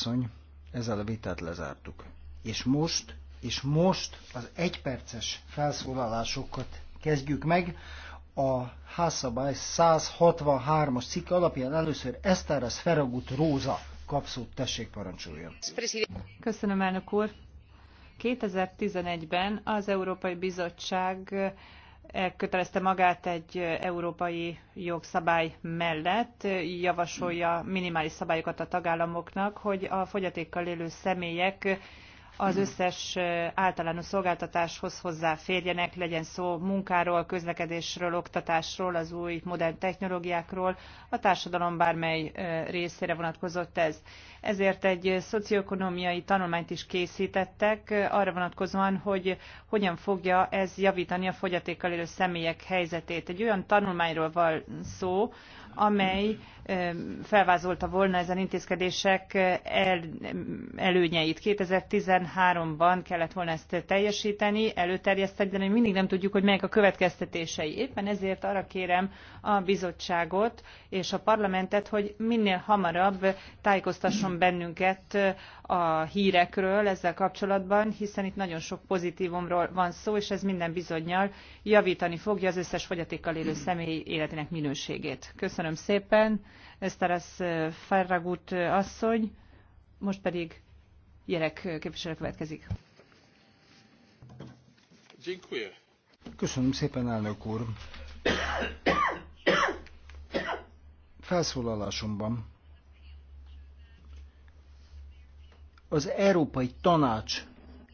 asszony, ezzel a vitát lezártuk. És most, és most az egyperces felszólalásokat kezdjük meg. A házszabály 163-as cikk alapján először Esztáras Feragut Róza kapszót tessék parancsoljon. Köszönöm, elnök úr. 2011-ben az Európai Bizottság elkötelezte magát egy európai jogszabály mellett, javasolja minimális szabályokat a tagállamoknak, hogy a fogyatékkal élő személyek az összes általános szolgáltatáshoz hozzáférjenek, legyen szó munkáról, közlekedésről, oktatásról, az új modern technológiákról, a társadalom bármely részére vonatkozott ez. Ezért egy szocioekonomiai tanulmányt is készítettek arra vonatkozóan, hogy hogyan fogja ez javítani a fogyatékkal élő személyek helyzetét. Egy olyan tanulmányról van szó, amely felvázolta volna ezen intézkedések el, előnyeit. 2013-ban kellett volna ezt teljesíteni, előterjeszteni, de még mindig nem tudjuk, hogy melyek a következtetései. Éppen ezért arra kérem a bizottságot és a parlamentet, hogy minél hamarabb tájékoztasson bennünket a hírekről ezzel kapcsolatban, hiszen itt nagyon sok pozitívumról van szó, és ez minden bizonyal javítani fogja az összes fogyatékkal élő személy életének minőségét. Köszönöm szépen, Eszteres Ferragut asszony, most pedig Jerek képviselő következik. Köszönöm szépen, elnök úr. Felszólalásomban az Európai Tanács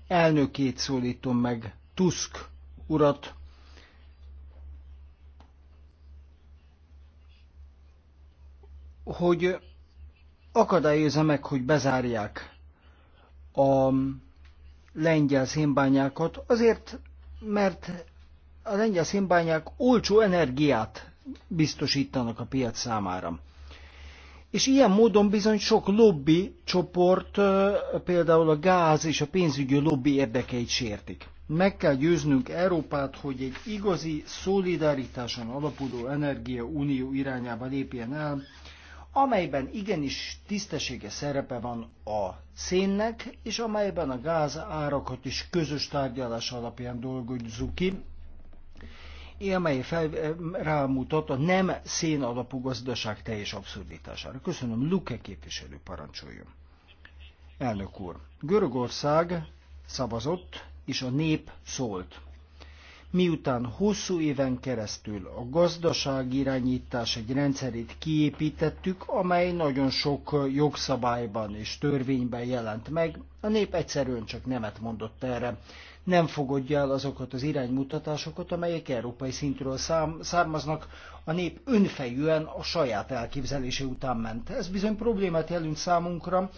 elnökét szólítom meg, Tusk urat, hogy akadályozza meg, hogy bezárják a lengyel szénbányákat, azért, mert a lengyel szénbányák olcsó energiát biztosítanak a piac számára. És ilyen módon bizony sok lobby csoport, például a gáz és a pénzügyi lobby érdekeit sértik. Meg kell győznünk Európát, hogy egy igazi szolidaritáson alapuló energia unió irányába lépjen el, amelyben igenis tisztesége szerepe van a szénnek, és amelyben a gáz árakat is közös tárgyalás alapján dolgozzuk ki, amely fel, eh, rámutat a nem szén alapú gazdaság teljes abszurditására. Köszönöm, Luke képviselő parancsoljon. Elnök úr, Görögország szavazott, és a nép szólt. Miután hosszú éven keresztül a gazdaság irányítás egy rendszerét kiépítettük, amely nagyon sok jogszabályban és törvényben jelent meg, a nép egyszerűen csak nemet mondott erre, nem fogadja el azokat az iránymutatásokat, amelyek európai szintről szám, származnak, a nép önfejűen a saját elképzelése után ment. Ez bizony problémát jelent számunkra,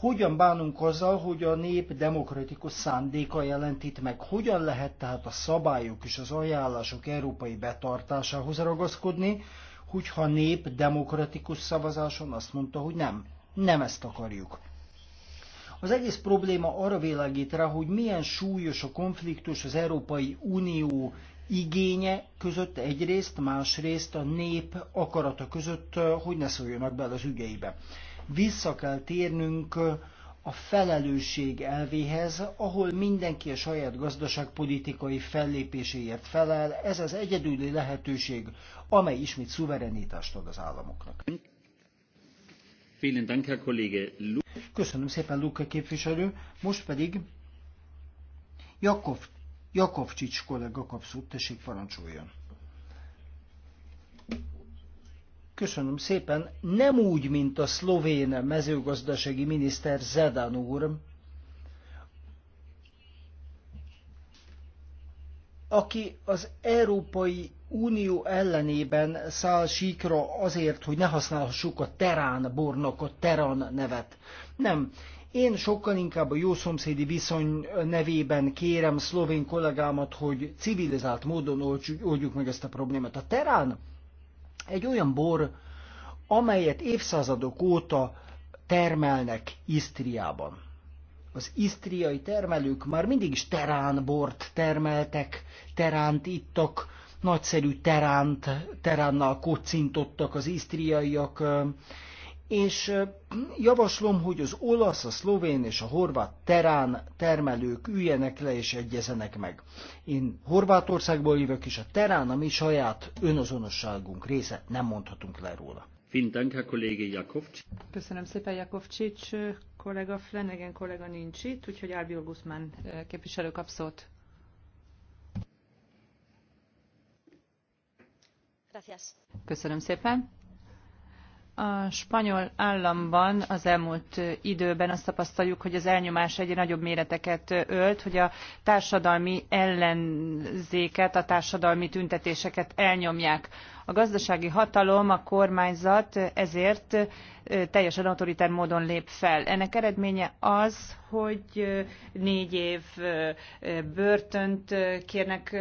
hogyan bánunk azzal, hogy a nép demokratikus szándéka jelentít meg? Hogyan lehet tehát a szabályok és az ajánlások európai betartásához ragaszkodni, hogyha a nép demokratikus szavazáson azt mondta, hogy nem, nem ezt akarjuk. Az egész probléma arra világít rá, hogy milyen súlyos a konfliktus az Európai Unió igénye között egyrészt, másrészt a nép akarata között, eh, hogy ne szóljanak bele az ügyeibe. Vissza kell térnünk eh, a felelősség elvéhez, ahol mindenki a saját gazdaságpolitikai fellépéséért felel, ez az egyedüli lehetőség, amely ismét szuverenitást ad az államoknak. Köszönöm szépen, Luka képviselő. Most pedig Jakov, Jakovcsics kollega kap szót, tessék parancsoljon. Köszönöm szépen. Nem úgy, mint a szlovén mezőgazdasági miniszter Zedán úr, aki az európai Unió ellenében száll síkra azért, hogy ne használhassuk a terán bornak a terán nevet. Nem. Én sokkal inkább a jó szomszédi viszony nevében kérem szlovén kollégámat, hogy civilizált módon oldjuk meg ezt a problémát. A terán egy olyan bor, amelyet évszázadok óta termelnek Isztriában. Az isztriai termelők már mindig is bort termeltek, teránt ittak, nagyszerű teránt, teránnal kocintottak az isztriaiak, és javaslom, hogy az olasz, a szlovén és a horvát terán termelők üljenek le és egyezenek meg. Én Horvátországból jövök, és a terán a mi saját önazonosságunk része, nem mondhatunk le róla. Köszönöm szépen, Jakovcsics kollega, Flanagan kollega nincs itt, úgyhogy Álbiol Guzmán képviselő kap szót. Köszönöm szépen. A spanyol államban az elmúlt időben azt tapasztaljuk, hogy az elnyomás egyre nagyobb méreteket ölt, hogy a társadalmi ellenzéket, a társadalmi tüntetéseket elnyomják. A gazdasági hatalom, a kormányzat ezért teljesen autoritár módon lép fel. Ennek eredménye az, hogy négy év börtönt kérnek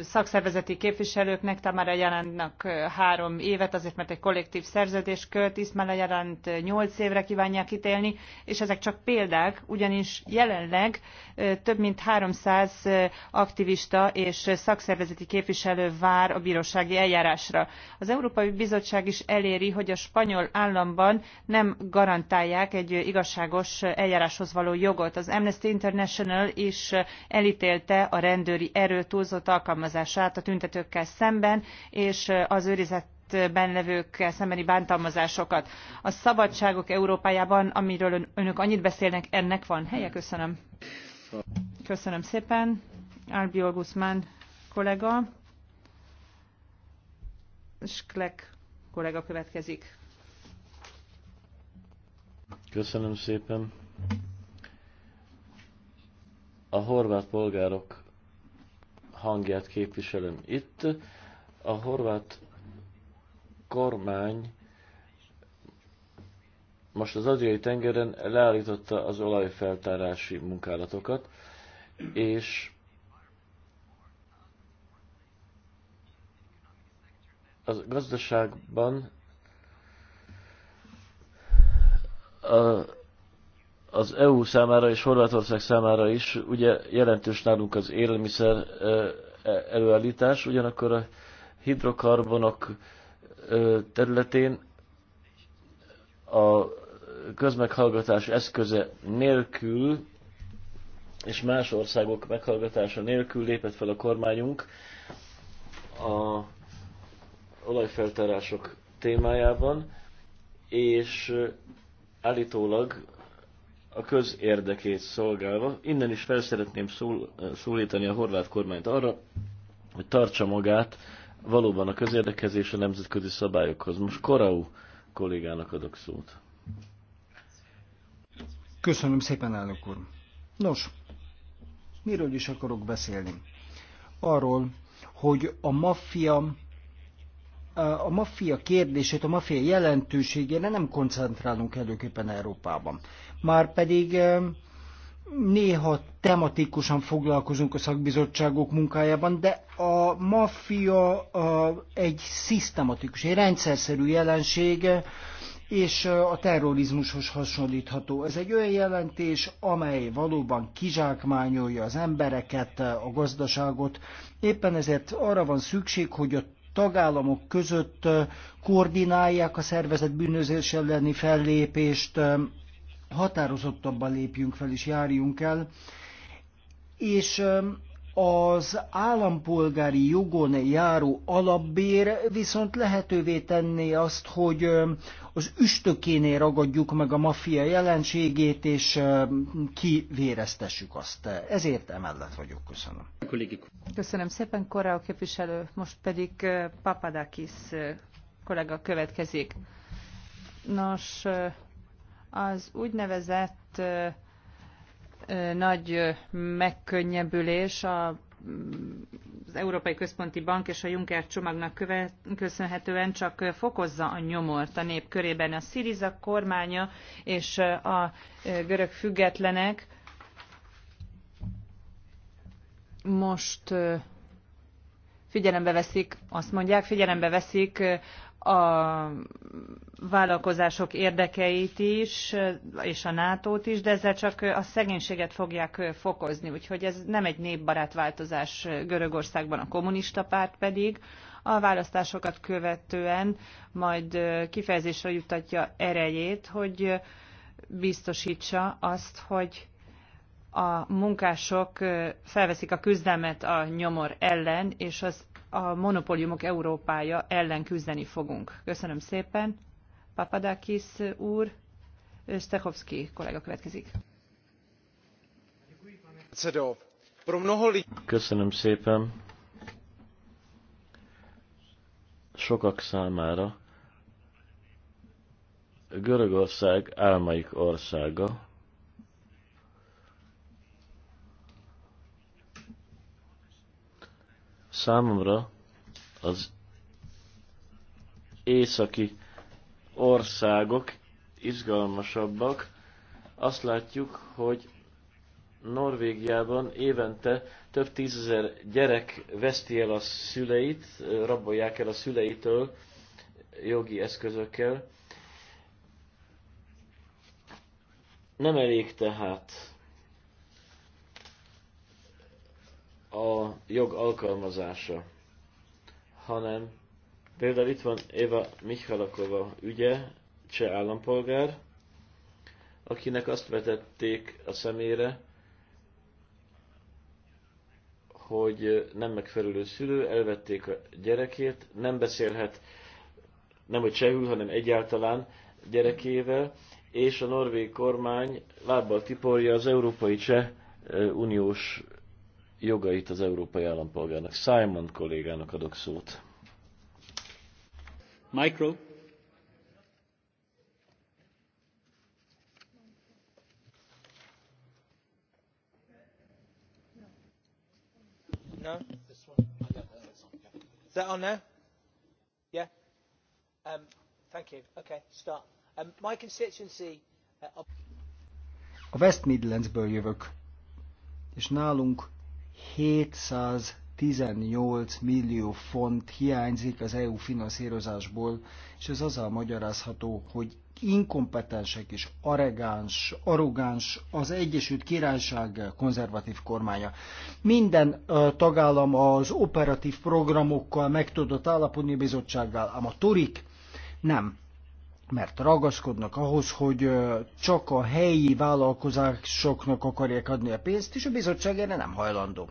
szakszervezeti képviselőknek, Tamara jelentnek három évet, azért mert egy kollektív szerződés költ, Ismála Jelent nyolc évre kívánják ítélni, és ezek csak példák, ugyanis jelenleg több mint 300 aktivista és szakszervezeti képviselő vár a bírósági eljárásra. Az Európai Bizottság is eléri, hogy a spanyol államban nem garantálják egy igazságos eljáráshoz való jogot. Az Amnesty International is elítélte a rendőri erő túlzott alkalmazását a tüntetőkkel szemben, és az őrizett ben levőkkel szembeni bántalmazásokat. A szabadságok Európájában, amiről önök annyit beszélnek, ennek van helye? Köszönöm. Köszönöm szépen. Albiol Guzmán kollega. Sklek kollega következik. Köszönöm szépen. A horvát polgárok hangját képviselem itt. A horvát kormány most az Adriai tengeren leállította az olajfeltárási munkálatokat, és az gazdaságban a, az EU számára és Horvátország számára is ugye jelentős nálunk az élelmiszer e, előállítás, ugyanakkor a hidrokarbonok területén a közmeghallgatás eszköze nélkül és más országok meghallgatása nélkül lépett fel a kormányunk a olajfeltárások témájában, és állítólag a közérdekét szolgálva. Innen is fel szeretném szól, szólítani a horvát kormányt arra, hogy tartsa magát valóban a közérdekezés és a nemzetközi szabályokhoz. Most Korau kollégának adok szót. Köszönöm szépen, elnök úr. Nos, miről is akarok beszélni? Arról, hogy a maffia a maffia kérdését, a maffia jelentőségére nem koncentrálunk előképpen Európában. pedig néha tematikusan foglalkozunk a szakbizottságok munkájában, de a maffia egy szisztematikus, egy rendszerszerű jelenség, és a terrorizmushoz hasonlítható. Ez egy olyan jelentés, amely valóban kizsákmányolja az embereket, a gazdaságot. Éppen ezért arra van szükség, hogy a tagállamok között koordinálják a szervezet bűnözés elleni fellépést, határozottabban lépjünk fel és járjunk el. És az állampolgári jogon járó alapbér viszont lehetővé tenné azt, hogy az üstökénél ragadjuk meg a maffia jelenségét, és kivéreztessük azt. Ezért emellett vagyok. Köszönöm. Köszönöm szépen, Korea képviselő. Most pedig Papadakis kollega következik. Nos, az úgynevezett nagy megkönnyebbülés a az Európai Központi Bank és a Juncker csomagnak köszönhetően csak fokozza a nyomort a nép körében. A Syriza kormánya és a görög függetlenek most figyelembe veszik, azt mondják, figyelembe veszik a vállalkozások érdekeit is, és a nato is, de ezzel csak a szegénységet fogják fokozni. Úgyhogy ez nem egy népbarát változás Görögországban, a kommunista párt pedig a választásokat követően majd kifejezésre jutatja erejét, hogy biztosítsa azt, hogy a munkások felveszik a küzdelmet a nyomor ellen, és az a monopóliumok Európája ellen küzdeni fogunk. Köszönöm szépen. Papadakis úr, Stechowski kollega következik. Köszönöm szépen. Sokak számára Görögország álmaik országa, Számomra az északi országok izgalmasabbak. Azt látjuk, hogy Norvégiában évente több tízezer gyerek veszti el a szüleit, rabolják el a szüleitől jogi eszközökkel. Nem elég tehát a jog alkalmazása, hanem például itt van Éva Michalakova ügye, cseh állampolgár, akinek azt vetették a szemére, hogy nem megfelelő szülő, elvették a gyerekét, nem beszélhet nem hogy csehül, hanem egyáltalán gyerekével, és a norvég kormány lábbal tiporja az Európai Cseh Uniós jogait az európai állampolgárnak. Simon kollégának adok szót. Micro. No? Is that on Yeah? Um, thank you. Okay, start. Um, my constituency... Uh, a West Midlandsből jövök, és nálunk 718 millió font hiányzik az EU finanszírozásból, és ez azzal magyarázható, hogy inkompetensek és arrogáns, arrogáns az Egyesült Királyság konzervatív kormánya. Minden tagállam az operatív programokkal meg tudott állapodni bizottsággal, ám a torik nem mert ragaszkodnak ahhoz, hogy csak a helyi vállalkozásoknak akarják adni a pénzt, és a bizottság erre nem hajlandó.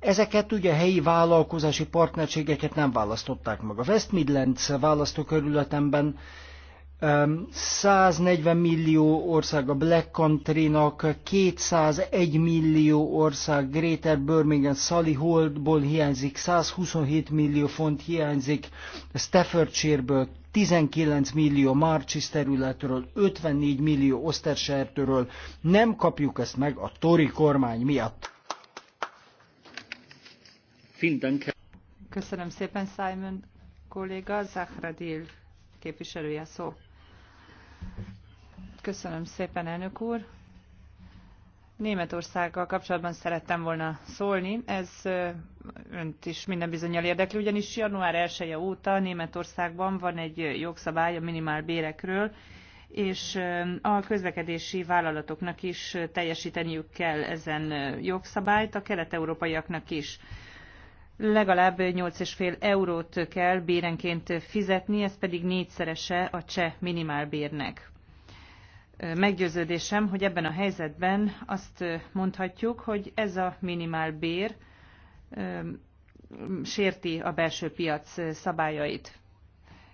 Ezeket ugye a helyi vállalkozási partnerségeket nem választották meg. A West Midlands választókerületemben 140 millió ország a Black Country-nak, 201 millió ország Greater Birmingham Holdból hiányzik, 127 millió font hiányzik, Staffordshire-ből 19 millió Marchis területről, 54 millió Osztersertől. Nem kapjuk ezt meg a Tori kormány miatt. Köszönöm szépen, Simon kolléga, Zahradil képviselője szó. Köszönöm szépen, elnök úr. Németországgal kapcsolatban szerettem volna szólni. Ez önt is minden bizonyal érdekli, ugyanis január 1 -e óta Németországban van egy jogszabály a minimál bérekről, és a közlekedési vállalatoknak is teljesíteniük kell ezen jogszabályt, a kelet-európaiaknak is legalább 8,5 eurót kell bérenként fizetni, ez pedig négyszerese a cseh minimálbérnek. Meggyőződésem, hogy ebben a helyzetben azt mondhatjuk, hogy ez a minimálbér sérti a belső piac szabályait,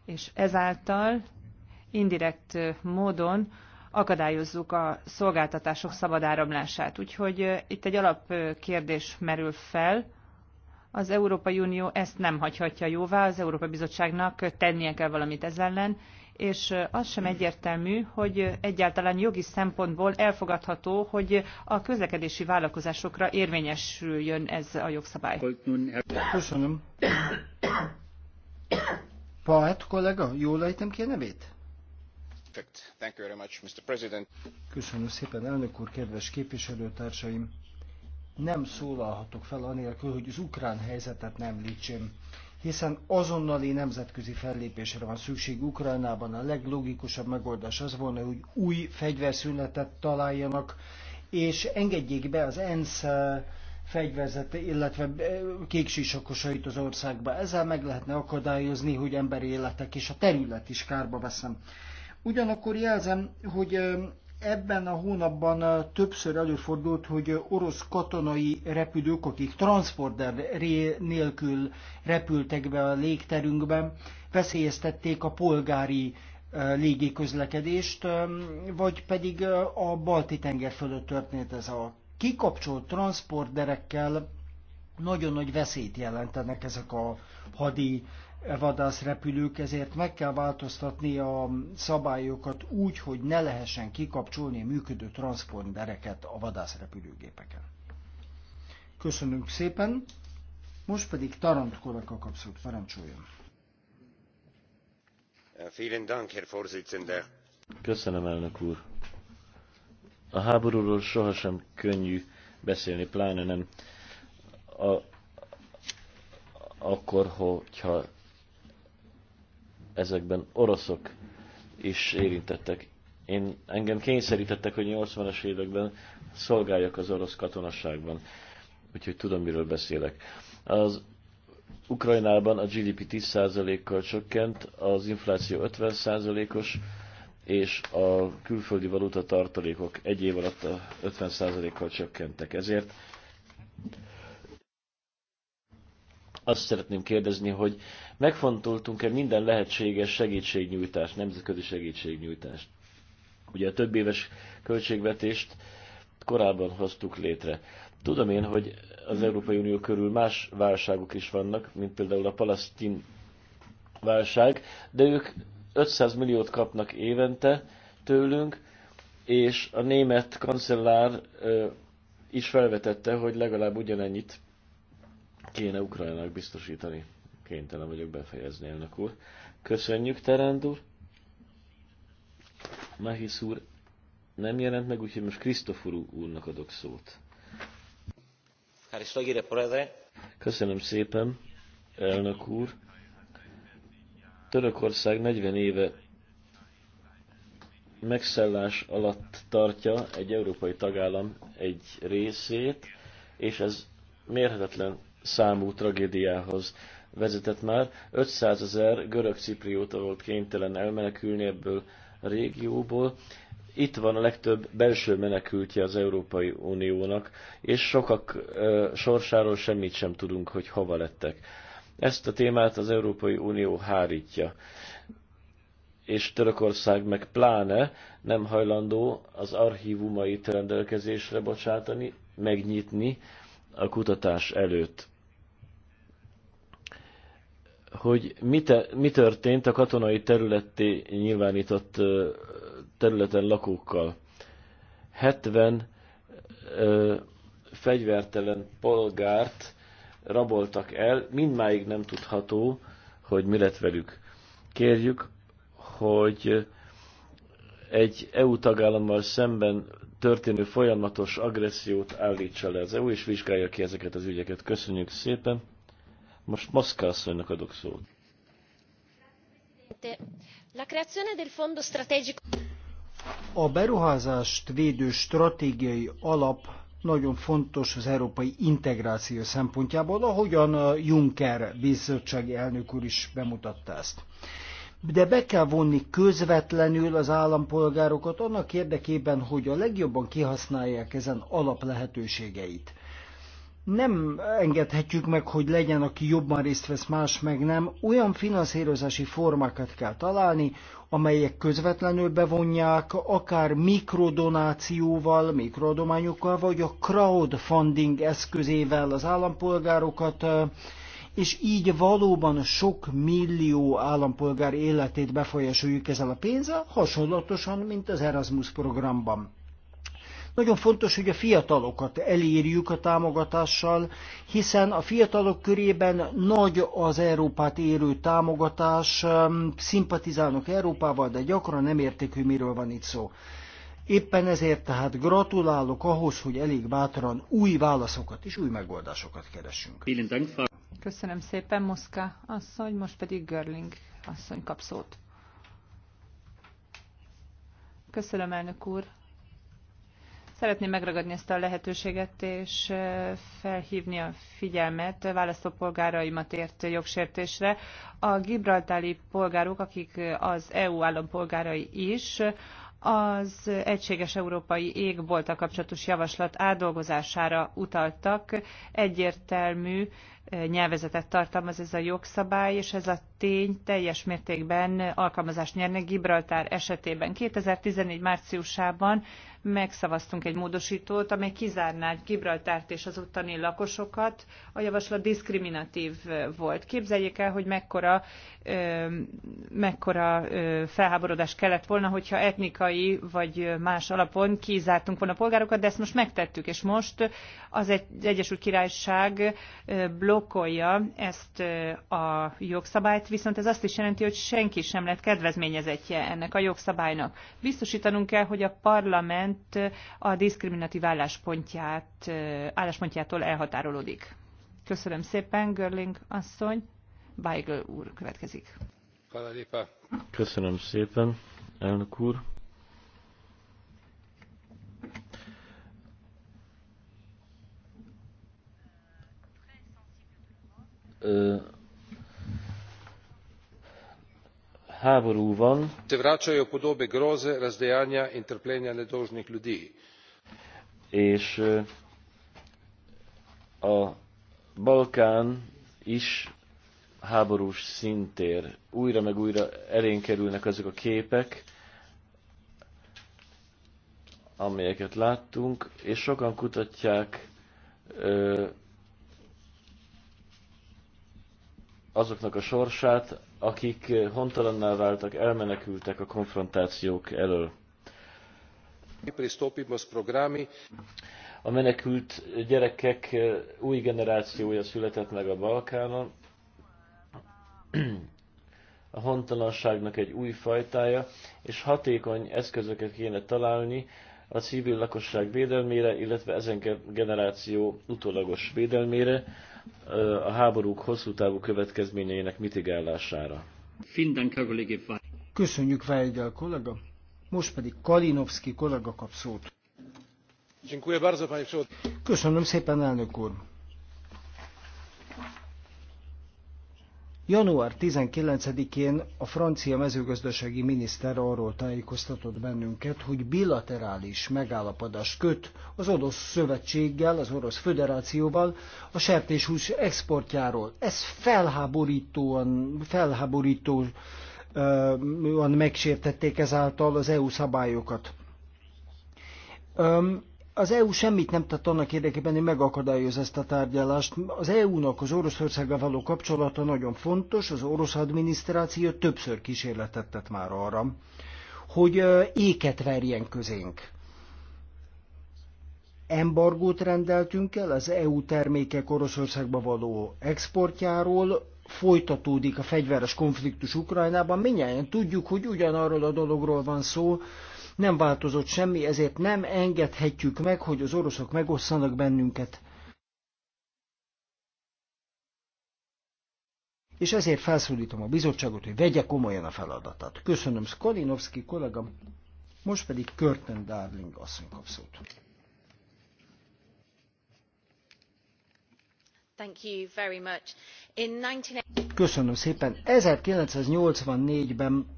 és ezáltal indirekt módon akadályozzuk a szolgáltatások szabad áramlását. Úgyhogy itt egy alapkérdés merül fel, az Európai Unió ezt nem hagyhatja jóvá, az Európai Bizottságnak tennie kell valamit ez ellen, és az sem egyértelmű, hogy egyáltalán jogi szempontból elfogadható, hogy a közlekedési vállalkozásokra érvényesüljön ez a jogszabály. Köszönöm. Paet kollega, jól ejtem ki a nevét? Köszönöm szépen, elnök úr, kedves képviselőtársaim! nem szólalhatok fel anélkül, hogy az ukrán helyzetet nem lítsem, hiszen azonnali nemzetközi fellépésre van szükség Ukrajnában. A leglogikusabb megoldás az volna, hogy új fegyverszünetet találjanak, és engedjék be az ENSZ eh, fegyverzete, illetve eh, kéksisakosait az országba. Ezzel meg lehetne akadályozni, hogy emberi életek és a terület is kárba veszem. Ugyanakkor jelzem, hogy eh, Ebben a hónapban többször előfordult, hogy orosz katonai repülők, akik transporter nélkül repültek be a légterünkben, veszélyeztették a polgári légiközlekedést, vagy pedig a Balti-tenger fölött történt ez a kikapcsolt transporterekkel nagyon nagy veszélyt jelentenek ezek a hadi vadász repülők, ezért meg kell változtatni a szabályokat úgy, hogy ne lehessen kikapcsolni a működő transpondereket a vadász repülőgépeken. Köszönünk szépen, most pedig Tarant Koleka kapszót parancsoljon. Köszönöm, elnök úr. A háborúról sohasem könnyű beszélni, pláne nem a, akkor, hogyha ezekben oroszok is érintettek. Én, engem kényszerítettek, hogy 80-as években szolgáljak az orosz katonasságban, úgyhogy tudom, miről beszélek. Az Ukrajnában a GDP 10%-kal csökkent, az infláció 50%-os, és a külföldi valuta tartalékok egy év alatt 50%-kal csökkentek. Ezért azt szeretném kérdezni, hogy megfontoltunk-e minden lehetséges segítségnyújtást, nemzetközi segítségnyújtást? Ugye a több éves költségvetést korábban hoztuk létre. Tudom én, hogy az Európai Unió körül más válságok is vannak, mint például a palasztin válság, de ők 500 milliót kapnak évente tőlünk, és a német kancellár is felvetette, hogy legalább ugyanennyit kéne Ukrajnának biztosítani. Kénytelen vagyok befejezni, elnök úr. Köszönjük, Terend úr. Mahis úr nem jelent meg, úgyhogy most Krisztofor úrnak adok szót. Köszönöm szépen, elnök úr. Törökország 40 éve megszállás alatt tartja egy európai tagállam egy részét, és ez mérhetetlen számú tragédiához vezetett már. 500 ezer görög ciprióta volt kénytelen elmenekülni ebből a régióból. Itt van a legtöbb belső menekültje az Európai Uniónak, és sokak e, sorsáról semmit sem tudunk, hogy hova lettek. Ezt a témát az Európai Unió hárítja és Törökország meg pláne nem hajlandó az archívumait rendelkezésre bocsátani, megnyitni a kutatás előtt hogy mi, te, mi történt a katonai területté nyilvánított területen lakókkal. 70 ö, fegyvertelen polgárt raboltak el, mindmáig nem tudható, hogy mi lett velük. Kérjük, hogy egy EU tagállammal szemben történő folyamatos agressziót állítsa le az EU, és vizsgálja ki ezeket az ügyeket. Köszönjük szépen! Most Moszka asszonynak adok szót. A beruházást védő stratégiai alap nagyon fontos az európai integráció szempontjából, ahogyan a Juncker bizottsági elnök úr is bemutatta ezt. De be kell vonni közvetlenül az állampolgárokat annak érdekében, hogy a legjobban kihasználják ezen alap lehetőségeit nem engedhetjük meg, hogy legyen, aki jobban részt vesz, más meg nem. Olyan finanszírozási formákat kell találni, amelyek közvetlenül bevonják, akár mikrodonációval, mikroadományokkal, vagy a crowdfunding eszközével az állampolgárokat, és így valóban sok millió állampolgár életét befolyásoljuk ezzel a pénzzel, hasonlatosan, mint az Erasmus programban. Nagyon fontos, hogy a fiatalokat elérjük a támogatással, hiszen a fiatalok körében nagy az Európát érő támogatás, szimpatizálnak Európával, de gyakran nem értik, hogy miről van itt szó. Éppen ezért tehát gratulálok ahhoz, hogy elég bátran új válaszokat és új megoldásokat keresünk. Köszönöm szépen, Moszka asszony, most pedig Görling asszony kap szót. Köszönöm, elnök úr. Szeretném megragadni ezt a lehetőséget, és felhívni a figyelmet választópolgáraimat ért jogsértésre. A gibraltári polgárok, akik az EU állampolgárai is, az egységes európai égbolta kapcsolatos javaslat átdolgozására utaltak. Egyértelmű nyelvezetet tartalmaz ez a jogszabály, és ez a tény teljes mértékben alkalmazást nyerne Gibraltár esetében. 2014 márciusában megszavaztunk egy módosítót, amely kizárná Gibraltárt és az ottani lakosokat. A javaslat diszkriminatív volt. Képzeljék el, hogy mekkora, mekkora felháborodás kellett volna, hogyha etnikai vagy más alapon kizártunk volna a polgárokat, de ezt most megtettük, és most az Egyesült Királyság blokkolja ezt a jogszabályt, viszont ez azt is jelenti, hogy senki sem lett kedvezményezetje ennek a jogszabálynak. Biztosítanunk kell, hogy a parlament szerint a diszkriminatív álláspontját, álláspontjától elhatárolódik. Köszönöm szépen, Görling asszony. Weigl úr következik. Köszönöm szépen, elnök úr. Uh... háború van és a Balkán is háborús szintér. Újra meg újra elénk kerülnek azok a képek, amelyeket láttunk, és sokan kutatják azoknak a sorsát, akik hontalanná váltak, elmenekültek a konfrontációk elől. A menekült gyerekek új generációja született meg a Balkánon. A hontalanságnak egy új fajtája, és hatékony eszközöket kéne találni a civil lakosság védelmére, illetve ezen generáció utólagos védelmére, a háborúk hosszú távú következményeinek mitigálására. Köszönjük Vájgyel kollega, most pedig Kalinowski kollega kap szót. Köszönöm szépen, elnök úr! Január 19-én a francia mezőgazdasági miniszter arról tájékoztatott bennünket, hogy bilaterális megállapodást köt az orosz szövetséggel, az orosz föderációval a sertéshús exportjáról. Ez felháborítóan, felháborítóan megsértették ezáltal az EU szabályokat az EU semmit nem tett annak érdekében, hogy megakadályozza ezt a tárgyalást. Az EU-nak az Oroszországgal való kapcsolata nagyon fontos, az orosz adminisztráció többször kísérletet tett már arra, hogy éket verjen közénk. Embargót rendeltünk el az EU termékek Oroszországba való exportjáról, folytatódik a fegyveres konfliktus Ukrajnában, minnyáján tudjuk, hogy ugyanarról a dologról van szó, nem változott semmi, ezért nem engedhetjük meg, hogy az oroszok megosszanak bennünket. És ezért felszólítom a bizottságot, hogy vegye komolyan a feladatát. Köszönöm Skolinovski kollégám, most pedig Körten Darling asszony kap szót. Köszönöm szépen. 1984-ben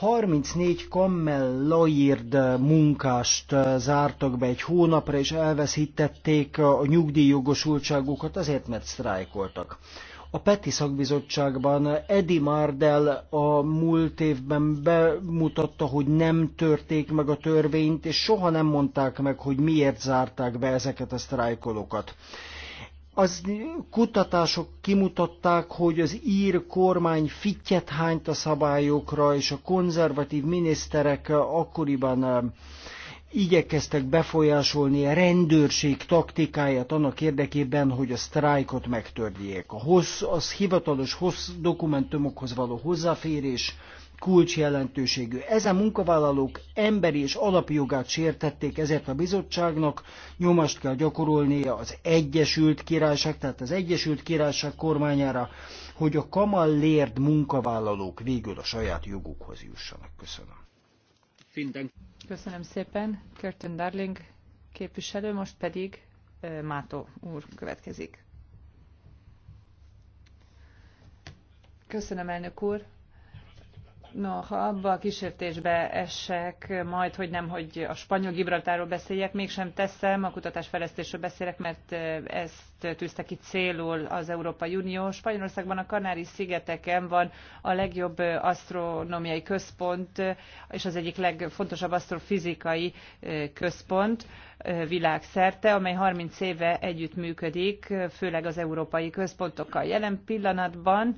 34 kammellaird munkást eh, zártak be egy hónapra, és elveszítették eh, a nyugdíjjogosultságukat azért, mert sztrájkoltak. A PETI szakbizottságban Edi Mardell a múlt évben bemutatta, hogy nem törték meg a törvényt, és soha nem mondták meg, hogy miért zárták be ezeket a sztrájkolókat az kutatások kimutatták, hogy az ír kormány fittyet hányt a szabályokra, és a konzervatív miniszterek akkoriban eh, igyekeztek befolyásolni a rendőrség taktikáját annak érdekében, hogy a sztrájkot megtörjék. A hossz, az hivatalos hossz dokumentumokhoz való hozzáférés kulcsjelentőségű. Ezen munkavállalók emberi és alapjogát sértették, ezért a bizottságnak nyomást kell gyakorolnia az Egyesült Királyság, tehát az Egyesült Királyság kormányára, hogy a kamallérd munkavállalók végül a saját jogukhoz jussanak. Köszönöm. Köszönöm szépen. Curtin Darling képviselő, most pedig Mátó úr következik. Köszönöm, elnök úr. No, ha abba a kísértésbe esek, majd, hogy nem, hogy a spanyol Gibraltáról beszéljek, mégsem teszem, a kutatásfejlesztésről beszélek, mert eh, ezt tűzte ki célul az Európai Unió. Spanyolországban a Kanári-szigeteken van a legjobb eh, asztronómiai központ, eh, és az egyik legfontosabb asztrofizikai központ világszerte, amely 30 éve együttműködik, főleg az európai központokkal. Jelen pillanatban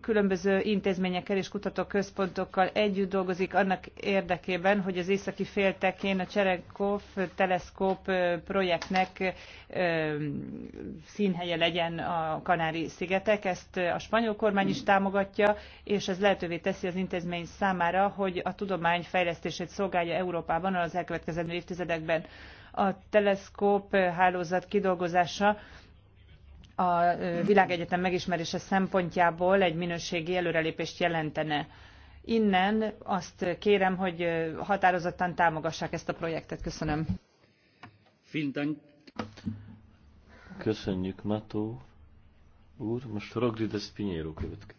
különböző intézményekkel és kutatóközpontokkal együtt dolgozik annak érdekében, hogy az északi féltekén a Cserekov teleszkóp projektnek színhelye legyen a Kanári-szigetek. Ezt a spanyol kormány is támogatja, és ez lehetővé teszi az intézmény számára, hogy a tudomány fejlesztését szolgálja Európában az elkövetkezendő évtizedekben. A teleszkóp hálózat kidolgozása a világegyetem megismerése szempontjából egy minőségi előrelépést jelentene. Innen azt kérem, hogy határozottan támogassák ezt a projektet. Köszönöm. Köszönjük, Mató úr. Most Rodríguez Pinheiro következik.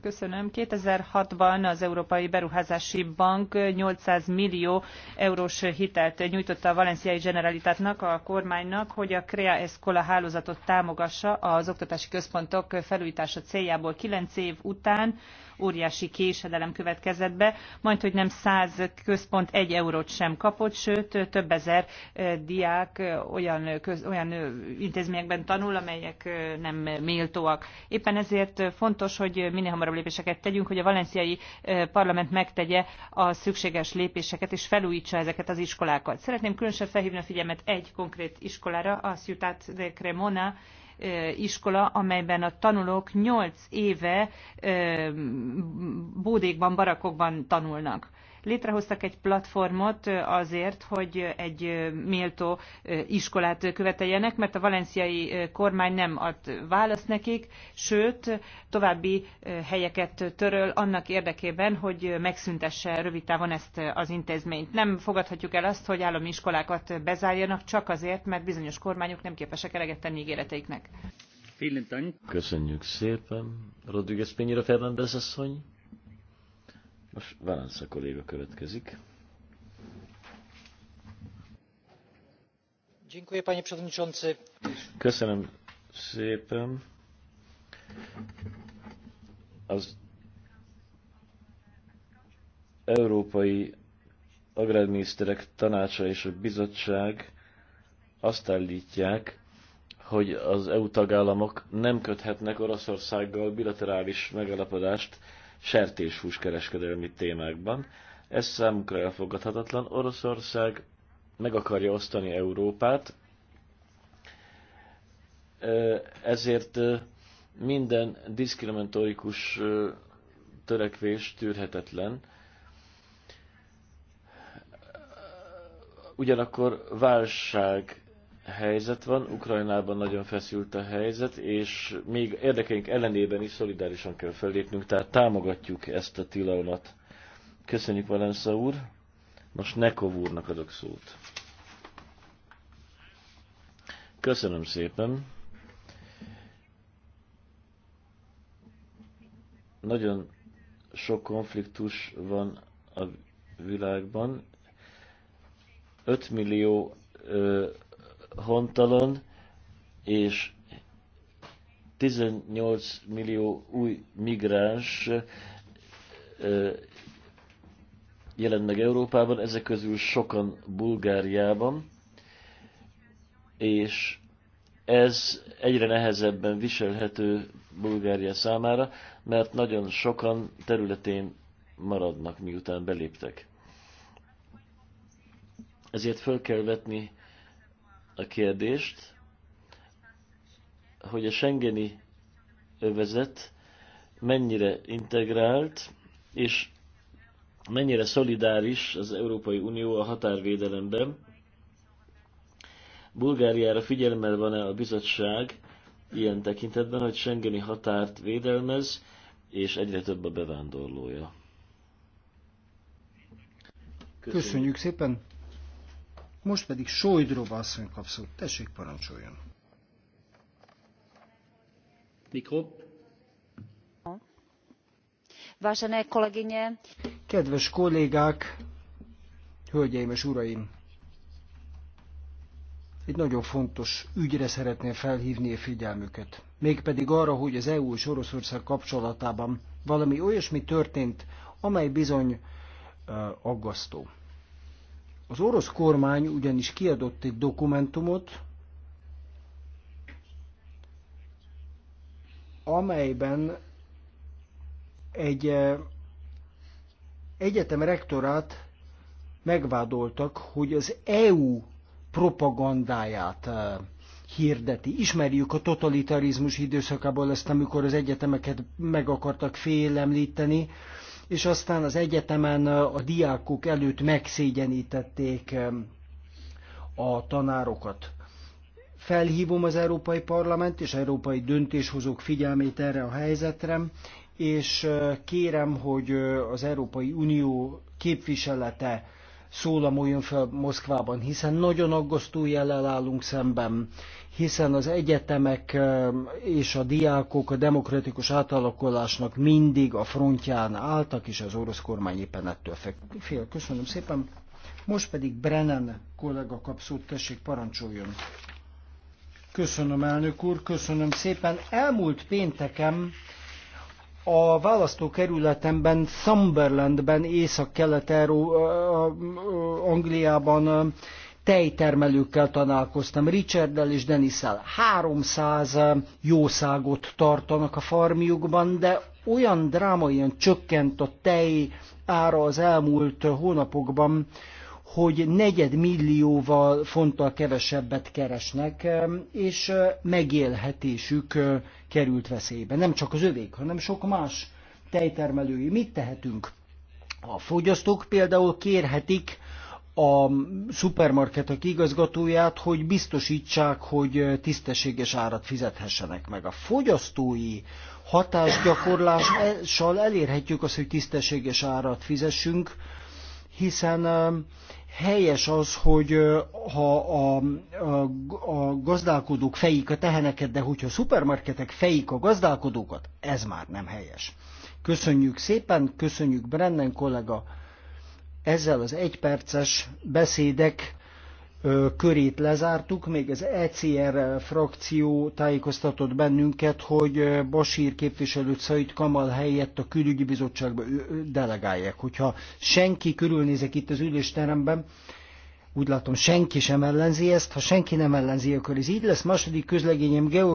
Köszönöm. 2006-ban az Európai Beruházási Bank 800 millió eurós hitelt nyújtotta a Valenciai Generalitatnak, a kormánynak, hogy a CREA Escola hálózatot támogassa az oktatási központok felújítása céljából 9 év után óriási késedelem következett be, majd hogy nem 100 központ egy eurót sem kapott, sőt több ezer eh, diák eh, olyan, köz, olyan eh, intézményekben tanul, amelyek nem méltóak. Éppen ezért fontos, hogy minél hamarabb további lépéseket tegyünk, hogy a valenciai parlament megtegye a szükséges lépéseket, és felújítsa ezeket az iskolákat. Szeretném különösen felhívni a figyelmet egy konkrét iskolára, a Ciutat de Cremona, iskola, amelyben a tanulók 8 éve bódékban, barakokban tanulnak. Létrehoztak egy platformot azért, hogy egy méltó iskolát követeljenek, mert a valenciai kormány nem ad választ nekik, sőt, további helyeket töröl annak érdekében, hogy megszüntesse rövid távon ezt az intézményt. Nem fogadhatjuk el azt, hogy állami iskolákat bezárjanak csak azért, mert bizonyos kormányok nem képesek eleget tenni ígéreteiknek. Köszönjük szépen. Rodriguez Pényira Fernández asszony. Most Valensza kolléga következik. Köszönöm szépen. Az Európai Agrárminiszterek Tanácsa és a Bizottság azt állítják, hogy az EU tagállamok nem köthetnek Oroszországgal bilaterális megalapodást sertéshús kereskedelmi témákban. Ez számukra elfogadhatatlan. Oroszország meg akarja osztani Európát, ezért minden diszkriminatórikus törekvés tűrhetetlen. Ugyanakkor válság helyzet van, Ukrajnában nagyon feszült a helyzet, és még érdekeink ellenében is szolidárisan kell fellépnünk, tehát támogatjuk ezt a tilalmat. Köszönjük Valensza úr, most Nekov úrnak adok szót. Köszönöm szépen. Nagyon sok konfliktus van a világban. 5 millió ö, hontalan, és 18 millió új migráns jelent meg Európában, ezek közül sokan Bulgáriában, és ez egyre nehezebben viselhető Bulgária számára, mert nagyon sokan területén maradnak, miután beléptek. Ezért föl kell vetni a kérdést, hogy a Schengeni övezet mennyire integrált, és mennyire szolidáris az Európai Unió a határvédelemben. Bulgáriára figyelmel van-e a bizottság ilyen tekintetben, hogy Schengeni határt védelmez, és egyre több a bevándorlója. Köszönjük, Köszönjük szépen! Most pedig Sojdrova asszony kap szót. Tessék, parancsoljon. Mikro. Vážené kolegyně. Kedves kollégák, hölgyeim és uraim! Egy nagyon fontos ügyre szeretném felhívni a figyelmüket. Mégpedig arra, hogy az EU és Oroszország kapcsolatában valami olyasmi történt, amely bizony uh, aggasztó. Az orosz kormány ugyanis kiadott egy dokumentumot, amelyben egy eh, egyetem rektorát megvádoltak, hogy az EU propagandáját eh, hirdeti. Ismerjük a totalitarizmus időszakából ezt, amikor az egyetemeket meg akartak félemlíteni, és aztán az egyetemen a diákok előtt megszégyenítették a tanárokat. Felhívom az Európai Parlament és európai döntéshozók figyelmét erre a helyzetre, és kérem, hogy az Európai Unió képviselete szólamoljon fel Moszkvában, hiszen nagyon aggasztó jellel állunk szemben, hiszen az egyetemek eh, és a diákok a demokratikus átalakulásnak mindig a frontján álltak, és az orosz kormány éppen ettől fél. Köszönöm szépen. Most pedig Brennan kollega kap szót, tessék, parancsoljon. Köszönöm, elnök úr, köszönöm szépen. Elmúlt pénteken a választókerületemben, Sunderlandben, Észak-Kelet-Angliában tejtermelőkkel tanálkoztam, Richarddel és Denisszel. 300 jószágot tartanak a farmjukban, de olyan drámaian csökkent a tej ára az elmúlt hónapokban, hogy negyed millióval fonttal kevesebbet keresnek, és megélhetésük került veszélybe. Nem csak az övék, hanem sok más tejtermelői. Mit tehetünk? A fogyasztók például kérhetik a szupermarketek igazgatóját, hogy biztosítsák, hogy tisztességes árat fizethessenek meg. A fogyasztói hatásgyakorlással elérhetjük azt, hogy tisztességes árat fizessünk, hiszen um, helyes az, hogy uh, ha a, a, a gazdálkodók fejik a teheneket, de hogyha a szupermarketek fejik a gazdálkodókat, ez már nem helyes. Köszönjük szépen, köszönjük Brennan kollega, ezzel az egyperces beszédek körét lezártuk, még az ECR frakció tájékoztatott bennünket, hogy Basír képviselőt Szait Kamal helyett a külügyi bizottságba delegálják. Hogyha senki körülnézek itt az ülésteremben, úgy látom senki sem ellenzi ezt, ha senki nem ellenzi, akkor ez így lesz. Második közlegényem Geo